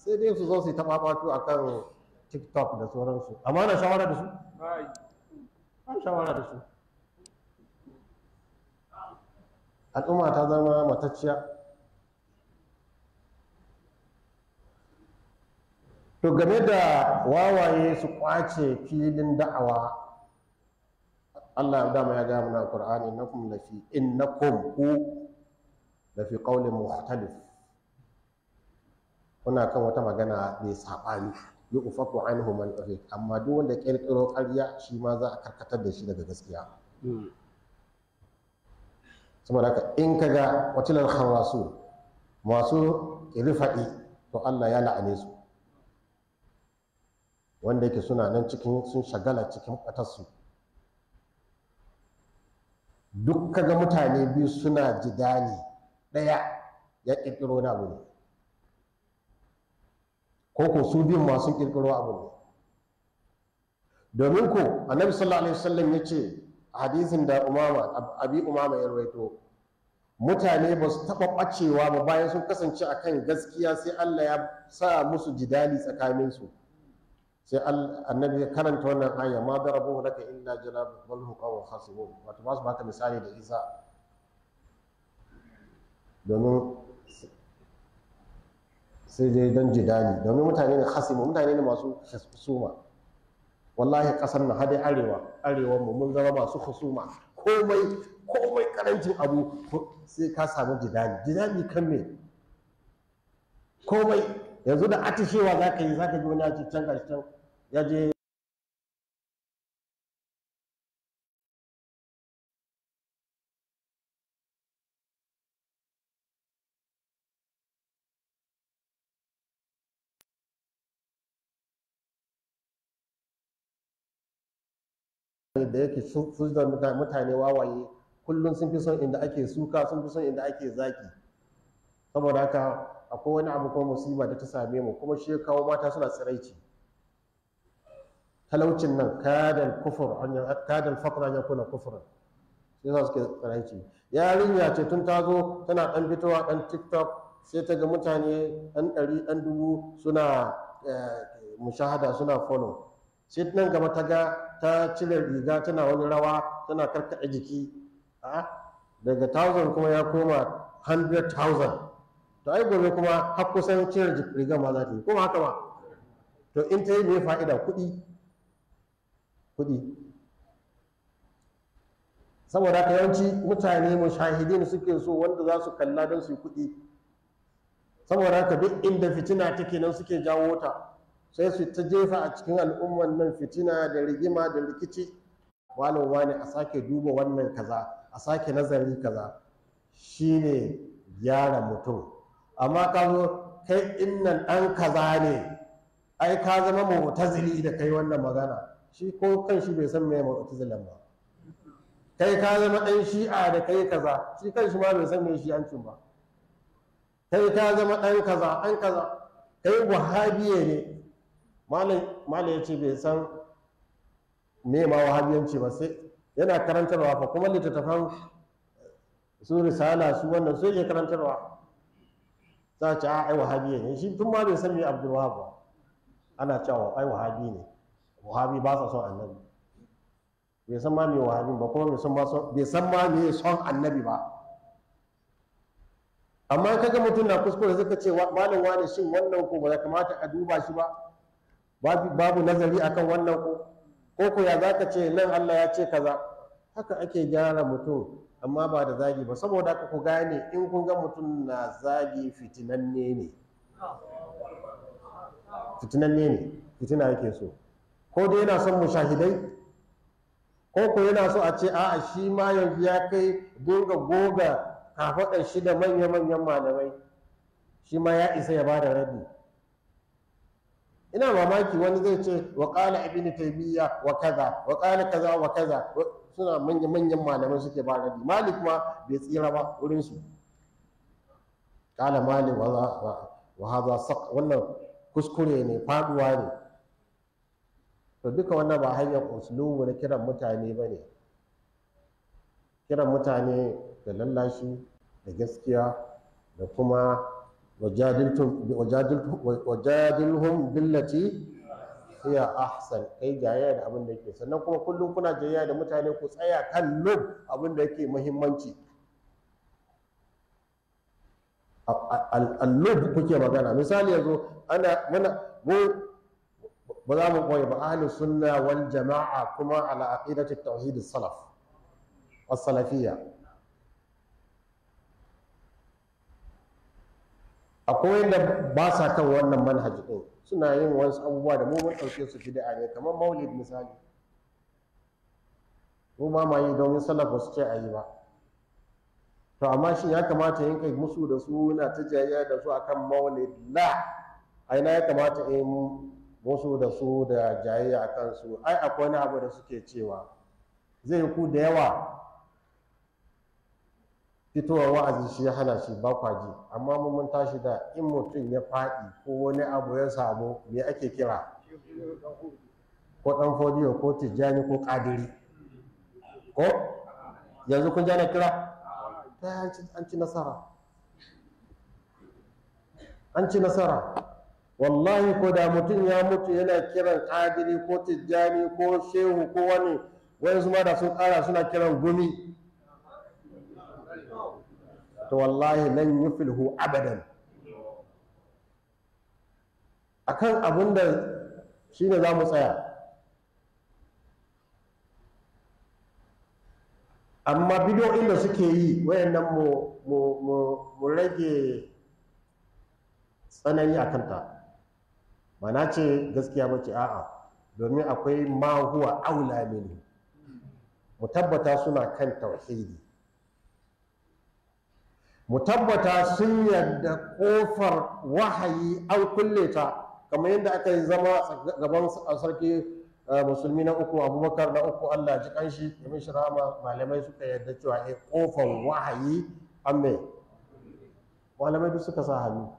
sai dai su zo su yi taɓaɓatu a kan tiktok da sauransu amma ana shawara da su an shawara da su al'umma ta zama matacciya to game da wawaye su kwace filin da'awa Allah ya dama ya gaya mana Qur'ani innakum lafi innakum ku lafi qawlin mukhtalif kuna kan wata magana mai sabani yi ufaku anhu man ufik amma duk wanda kirkiro ƙarya shi ma za a karkatar da shi daga gaskiya saboda haka in ga watilar khawasu masu faɗi to Allah ya la'ane su wanda yake suna nan cikin sun shagala cikin ɓatarsu duk kaga mutane biyu suna jidali ɗaya ya ƙirƙiro na abu ne ko ko su biyun masu ƙirƙiro abu ne domin ko annabi sallallahu alaihi wasallam ya ce a hadisin da umama abi umama ya rawaito mutane ba su taɓa ɓacewa ba bayan sun kasance akan gaskiya sai allah ya sa musu jidali tsakaninsu sai annabi ya karanta wannan aya ma darabu laka illa jalab wal huqa wa khasibu wato ba su baka misali da Isa domin sai dai don jidali domin mutane ne khasimu mutane ne masu khusuma wallahi kasar na hadai arewa arewa mu mun zama masu khusuma komai komai karancin abu sai ka samu jidali jidali kan me komai yanzu da atishewa za ka yi za ka ji wani a can can ya je da yake sujjar mutane wawaye kullum sun fi son inda ake suka sun fi son inda ake zaki saboda haka akwai wani abu kuma musiba da ta same mu kuma shi kawo mata suna tsiraici talaucin nan kadal kufur kadal faqr an yakuna kufran sai za su ke karaici yarinya ce tun ta zo tana dan fitowa dan tiktok sai ta ga mutane dan ɗari dan dubu suna eh, mushahada suna follow sai nan gaba ta ga ta cire riga tana wani rawa tana karkaɗa jiki a daga thousand kuma ya koma 100,000 to ai gobe kuma har kusan cire riga ma za ta yi kuma haka ba to in ta yi mai fa'ida kuɗi kuɗi saboda ka yawanci mutane mushahidin suke so wanda za su kalla don su yi kuɗi saboda ka duk inda fitina take nan suke jawo ta sai su ta jefa a cikin al'umman nan fitina da rigima da rikici wani wani a sake duba wannan kaza a sake nazari kaza shine gyara mutum amma ka zo kai innan ɗan kaza ne ai ka zama mutazili da kai wannan magana shi ko kan shi bai san me mu'tazilan ba kai ka zama ɗan shi'a da kai kaza shi kan shi ma bai san me shi'ancin ba kai ka zama ɗan kaza ɗan kaza kai wahabiye ne malai ya ce bai san me ma wahabiyanci ba sai yana karantarwa fa kuma littattafan su risala su wannan su yake karantarwa za a ce a ai wahabiye ne shi tun ma bai san me abdul wahab ana cewa ai wahabi ne wahabi ba sa son annabi bai san ma me wahabi ba kuma bai san ma me son annabi ba amma ka ga mutum na kuskure zaka ce malam wani shin wannan ko ba kamata a duba shi ba babu nazari akan wannan ko ko ko ya zaka ce nan Allah ya ce kaza haka ake gyara mutum amma ba da zagi ba saboda haka ku gane in kun ga mutum na zagi fitinanne ne ah. fitinanne ne fitina yake so ko dai yana son mushahidai ko ko yana so a ce a'a shi ma yanzu ya kai dinga goga kafaɗar shi da manya-manyan malamai shi ma ya isa ya ba da rabi ina mamaki wani zai ce wa ƙala ibn taimiyya wa kaza wa ƙala kaza wa kaza suna manya-manyan malamai suke ba rabi malik ma bai tsira ba wurin su ƙala malik wa haza wannan kuskure ne faɗuwa ne to duka wannan ba hanyar uslubu na kiran mutane ba ne kiran mutane da lallashi da gaskiya da kuma wajadilhum billati iya ahsan kai jayayya da abin da yake sannan kuma kullum kuna jayayya da mutane ku tsaya kan lub abin da yake muhimmanci allub kuke magana misali yanzu ana muna mu ba za mu koyi ba ahlus sunna wal jama'a kuma ala aqidati tauhid salaf as-salafiyya akwai wanda ba sa kan wannan manhaji ɗin suna yin wasu abubuwa da mu mun ɗauke su bid'a ne kamar maulid misali mu ba ma yi domin salaf ba su ce a yi ba to amma shi ya kamata yin kai musu da su na ta jayya da su akan maulid la aina ya kamata in wasu da su da jayayya a kansu ai akwai wani abu da suke cewa zai ku da yawa fitowar wa'azi shi ya hana shi ba kwaji amma mun tashi da in mutum ya faɗi ko wani abu ya samu me ake kira ko ɗan fodiyo ko tijjani ko ƙadiri ko yanzu kun jana kira ta an ci nasara an ci nasara wallahi ko da mutum ya mutu yana kiran kadiri ko tijjani ko shehu ko wani wani su da sun kara suna kiran gumi to wallahi lan filhu abadan akan abin da shine za mu tsaya amma bidiyoyin da suke yi wayannan mu rage tsanani a kanta mana ce gaskiya ba a'a domin akwai ma huwa aula mini mu tabbata suna kan tauhidi mu tabbata sun yarda kofar wahayi an kulle ta kamar yadda aka yi zama gaban sarki eh, musulmi na uku abubakar na uku allah ji kanshi domin shirama malamai suka yarda cewa kofar eh, wahayi an mai malamai duk suka sa hannu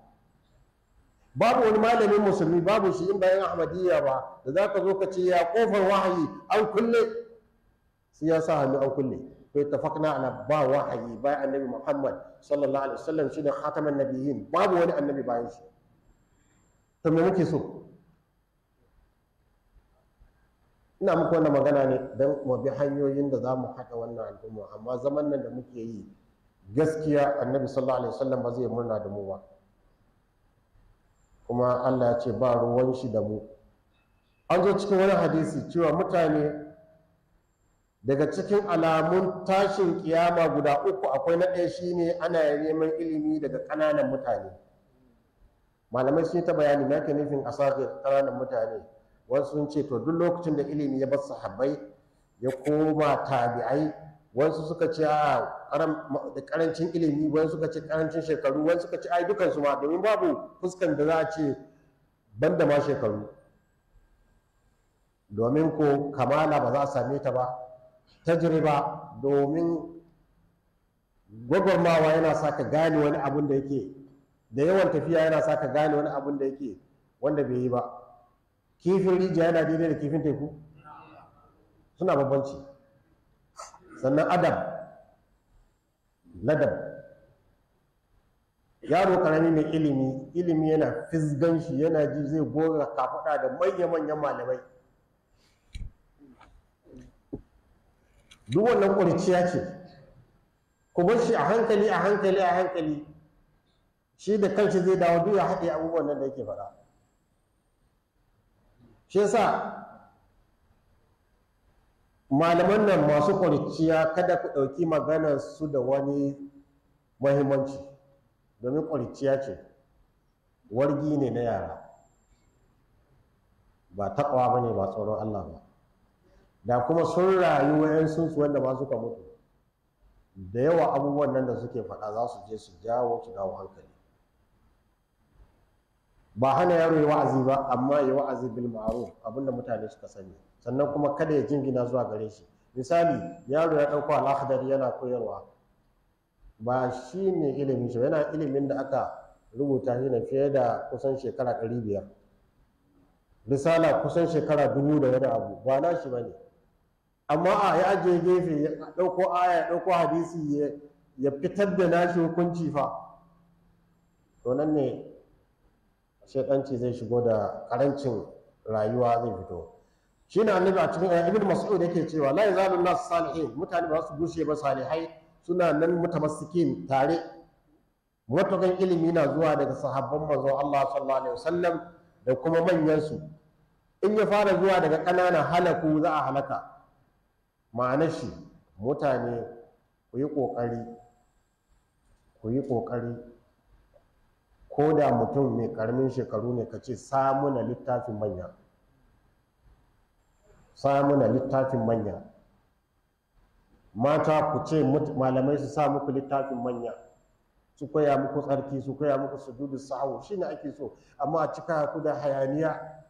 babu wani malamin musulmi babu shi in bayan ahmadiyya ba da za ka zo ka ce ya kofar wahayi an kulle sai ya sa hannu an kulle to ittafaqna ala ba wahayi bayan annabi muhammad sallallahu alaihi wasallam shine khataman nabiyyin babu wani annabi bayan shi to me muke so ina muku wannan magana ne don mu bi hanyoyin da za mu haɗa wannan al'umma amma zaman nan da muke yi gaskiya annabi sallallahu alaihi wasallam ba zai murna da mu ba kuma Allah ya ce ba ruwan shi da mu an zo cikin wani hadisi cewa mutane daga cikin alamun tashin kiyama guda uku akwai na ɗaya shine ana neman ilimi daga ƙananan mutane malamai sun yi ta bayani na ke nufin a sake ƙananan mutane wasu sun ce to duk lokacin da ilimi ya bar sahabbai ya koma tabi'ai wasu suka ce a ah, da karancin ilimi wasu suka ce karancin shekaru wasu suka ce ai dukansu ma domin babu fuskan da za a ce da ma shekaru domin ko kamala ba za a same ta ba tajriba domin gwagwarmawa yana sa ka gane wani abun da yake da yawan tafiya yana sa ka gane wani abun da yake wanda bai yi ba kifin rijiya yana daidai da kifin teku suna babbanci sannan Adam, Ladam, yaro karami mai ilimi ilimi yana fisgan shi yana ji zai gora kafaɗa da manya-manyan malamai duk wannan ƙurciya ce ku bar shi a hankali a hankali a hankali shi da kanshi zai dawo duk ya haɗe abubuwan nan da yake faɗa shi yasa malaman nan masu kwanciya kada ku ɗauki maganar su da wani mahimmanci domin kwanciya ce wargi ne na yara ba taɓawa ba ne ba tsoron Allah ba da kuma sun rayu wa'yan sunsu wanda ma suka mutu da yawa abubuwan nan da suke faɗa za su je su jawo su dawo hankali ba hana yaro ya wa'azi ba amma ya wa'azi bil ma'ruf abinda mutane suka sani sannan kuma kada ya jingina zuwa gare shi misali yaro ya dauko al yana koyarwa ba shi ne ilimin shi yana ilimin da aka rubuta shi ne fiye da kusan shekara biyar risala kusan shekara dubu da wani abu ba na shi ba ne amma a ya ajiye gefe ya dauko aya ya dauko hadisi ya fitar da nashi hukunci fa to nan ne shaidanci zai shigo da karancin rayuwa zai fito shi na annabi a cikin eh, ibn mas'ud yake cewa la yazalu nasu salihin mutane ba su gushe ba salihai suna nan mutamassikin tare matukan ilimi na zuwa daga sahabban manzon Allah sallallahu alaihi wasallam da kuma manyan su in ya fara zuwa daga kananan halaku za a halaka ma'anar shi mutane ku yi ƙoƙari ku yi ƙoƙari ko da mutum mai karamin shekaru ne ka ce samuna littafin manya samuna littafin manya mata ku ce malamai su sa ku littafin manya su koya muku tsarki su koya muku sujudu sahu ne ake so amma a cika ku da hayaniya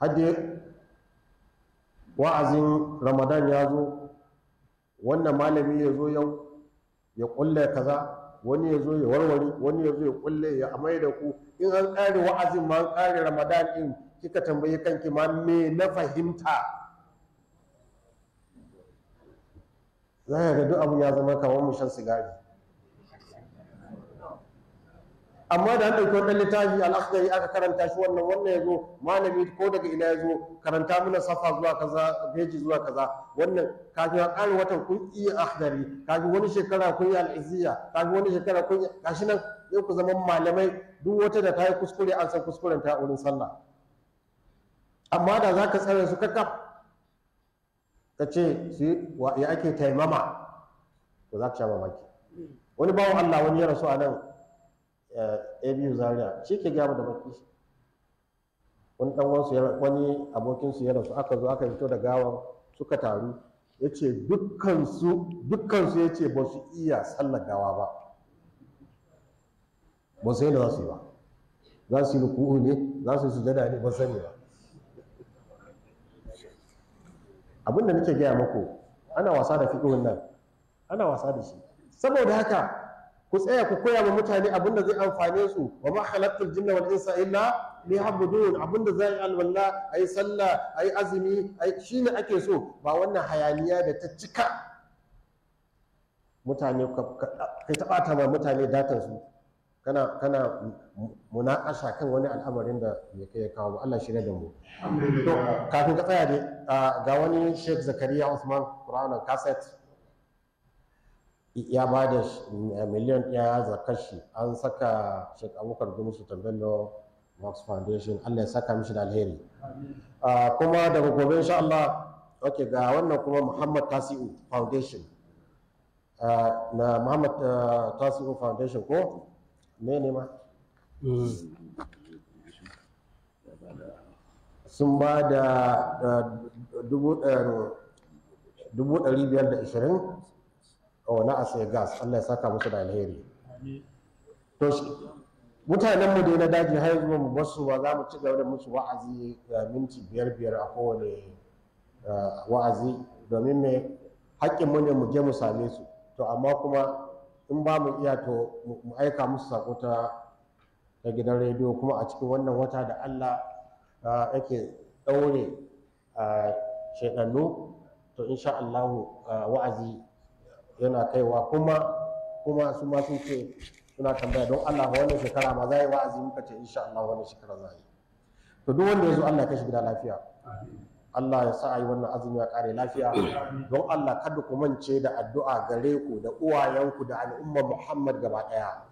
hadde wa'azin ramadan ya zo wannan malami ya zo yau ya kulle kaza wani ya zo ya warware wani ya zo ya kulle ya amai da ku in an kare wa'azin ma an kare ramadan din kika tambayi kanki ma me na fahimta za ka ga duk abu ya zama kamar mushan sigari amma da an ɗauki wannan littafi al'akhdari aka karanta shi wannan wannan ya zo malami ko daga ina ya zo karanta mana safa zuwa kaza beji zuwa kaza wannan kafin a ƙara watan kun iya akhdari kafin wani shekara kun yi al'iziya kafin wani shekara kun yi gashi nan yau ku zama malamai duk wata da ta yi kuskure an san kuskuren ta wurin sallah amma da za ka tsare su kakaf ka ce su ya ake taimama to za ka sha mamaki wani bawan Allah wani ya rasu a nan Eh, abu zaria shi ke gaba da baki shi wani dan wansu wani abokin su yana su aka zo aka fito da gawan suka taru yace dukkan su dukkan su yace ba su iya sallar gawa ba ba sai da za su yi ba za su yi ruku'u ne za su yi sujada ne ba sani ba abin da nake gaya muku ana wasa da fiƙirin nan ana wasa da shi saboda haka ku tsaya ku koya wa mutane abin da zai amfane su wa ma khalaqtul jinna wal insa illa liya'budun abin da zai alwala ayi sallah ayi azumi shi shine ake so ba wannan hayaniya da ta cika mutane kai ta bata ma mutane datan su kana kana munakasha kan wani al'amarin da ya kai kawo ba Allah shirya da mu to kafin ka tsaya dai ah, ga wani Sheikh Zakariya Usman Qur'an cassette ya ba da miliyan ɗaya za shi an saka shek abubakar gumi su tambello Foundation Allah ya saka mishi da alheri ah, kuma daga gobe insha Allah okay ga wannan kuma Muhammad Tasiu Foundation ah, na Muhammad ah, Tasiu Foundation ko me ne ma sun ba da eh, dubu ɗari biyar da ishirin o na asai gas Allah ya saka musu da alheri to mutanen mu dai na daji har yanzu mu basu ba za mu ci gaba da musu wa'azi da minti biyar biyar a kowane wa'azi domin me haƙƙin mu ne mu je mu same su to amma kuma in ba mu iya to mu aika musu sako ta ta gidan rediyo kuma a cikin wannan wata da Allah yake ɗaure shekannu to insha Allahu wa'azi yana kaiwa kuma kuma su ma sun ce suna tambaya don Allah ba wannan shekara ma za yi wa'azi muka ce insha Allah wannan shekara za yi to duk wanda ya zo Allah ya kashi gida lafiya Allah ya sa a yi wannan azumi ya kare lafiya don Allah kada ku mance da addu'a gare ku da uwayenku da al'ummar Muhammad gaba ɗaya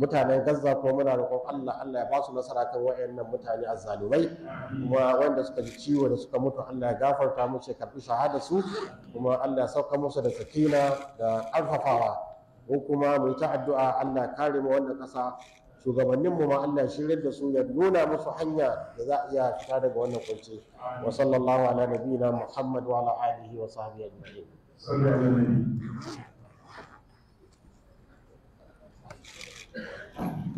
mutanen Gaza ko muna roƙon Allah Allah ya ba su nasara kan wayannan mutane azzalumai kuma wanda suka ji ciwo da suka mutu Allah ya gafarta musu ya karbi shahada su kuma Allah ya sauka musu da sakina da ƙarfafawa ko kuma mu yi ta addu'a Allah kare mu wannan ƙasa shugabanninmu ma Allah shirin da su ya nuna musu hanya da za a iya fita daga wannan kunci wa sallallahu ala nabiyina muhammad wa ala alihi wa sahbihi ajma'in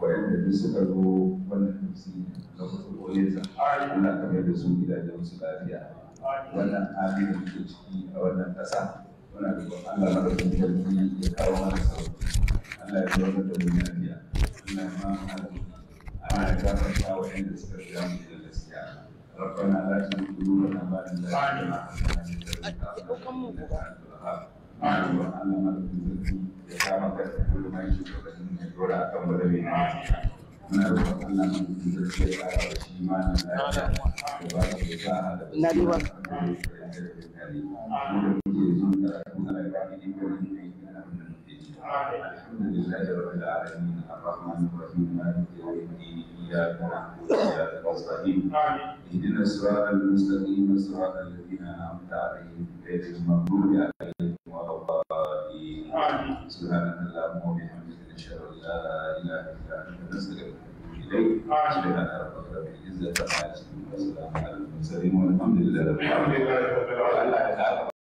waɗanda duk suka zo wannan tafsiri na kusurwoyinsa Allah ka mai da su gidajensu lafiya wannan hali da muke ciki a wannan ƙasa muna da Allah na ɗaukin sarki ya kawo mana sauki Allah ya zama da mu lafiya Allah ya ma mu ana ya gafarta waɗanda suka riga mu da gaskiya ربنا لا تزغ قلوبنا بعد إذ هديتنا وهب Allah madaukakin sarki ya dora akan madari na muna roƙon Allah madaukakin sarki ya ƙara wa shi imanin lafiya da ba shi da sa'a da basira da kuma da muke jin karatun alƙali ne ko yin aiki na abin da muke yi alhamdulillah da rabbil alamin arrahman arrahim maliki yawmin din iyyaka na'budu wa iyyaka nasta'in ihdina as-sirata al-mustaqim as-sirata alladhina an'amta alaihim المغلوب عليهم ولا الضالين سبحانك اللهم وبحمدك نشهد ان لا اله الا انت نستغفرك اليك سبحان ربك رب العزه عما يصفون وسلام على المرسلين والحمد لله رب العالمين